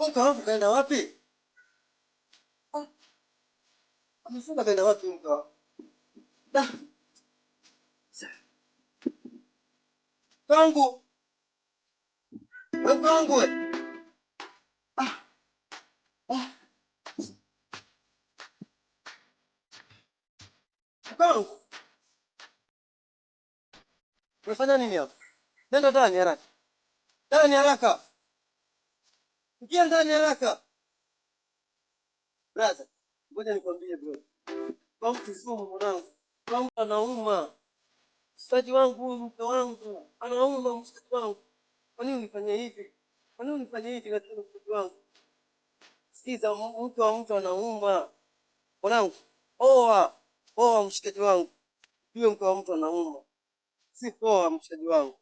Unga wafu kaenda wapi? Ah, amefunga kaenda wapi unga? Da. Kangu. We kangu we. Ah. Ah. Kangu. Umefanya nini hapa? Nenda ndani haraka. Ndani haraka. Ingia ndani haraka. Brother, ngoja nikwambie bro. Mauti sio mwanangu. Mwanangu anauma. Mshikaji wangu, mke wangu, anauma mshikaji wangu. Kwa nini unifanyia hivi? Kwa nini unifanyia hivi katika mshikaji wangu? Sikiza, mke wa mtu anauma. Mwanangu, oa, oa mshikaji wangu. Yule mke wa mtu anauma. Si poa mshikaji wangu.